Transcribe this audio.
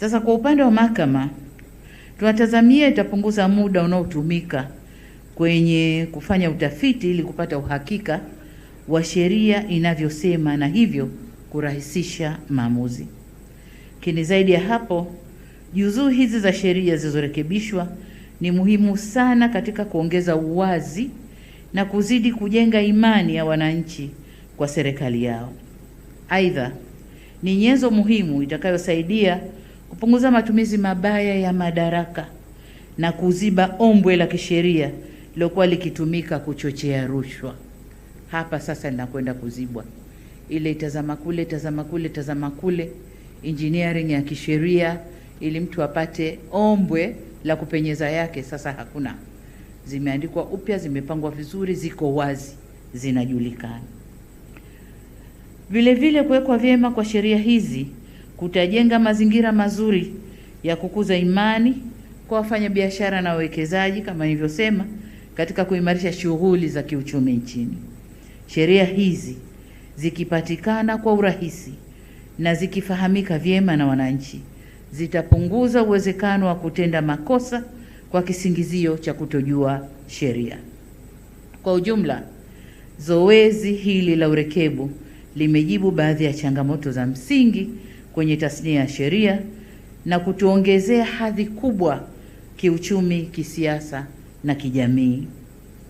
Sasa kwa upande wa mahakama tunatazamia itapunguza muda unaotumika kwenye kufanya utafiti ili kupata uhakika wa sheria inavyosema na hivyo kurahisisha maamuzi. Lakini zaidi ya hapo, juzuu hizi za sheria zilizorekebishwa ni muhimu sana katika kuongeza uwazi na kuzidi kujenga imani ya wananchi kwa serikali yao. Aidha, ni nyenzo muhimu itakayosaidia kupunguza matumizi mabaya ya madaraka na kuziba ombwe la kisheria lilokuwa likitumika kuchochea rushwa. Hapa sasa linakwenda kuzibwa, ile itazama kule, tazama kule, tazama kule, engineering ya kisheria ili mtu apate ombwe la kupenyeza yake. Sasa hakuna, zimeandikwa upya, zimepangwa vizuri, ziko wazi, zinajulikana. Vile vile kuwekwa vyema kwa sheria hizi kutajenga mazingira mazuri ya kukuza imani kwa wafanyabiashara na wawekezaji, kama nilivyosema, katika kuimarisha shughuli za kiuchumi nchini. Sheria hizi zikipatikana kwa urahisi na zikifahamika vyema na wananchi, zitapunguza uwezekano wa kutenda makosa kwa kisingizio cha kutojua sheria. Kwa ujumla, zoezi hili la urekebu limejibu baadhi ya changamoto za msingi kwenye tasnia ya sheria na kutuongezea hadhi kubwa kiuchumi, kisiasa na kijamii.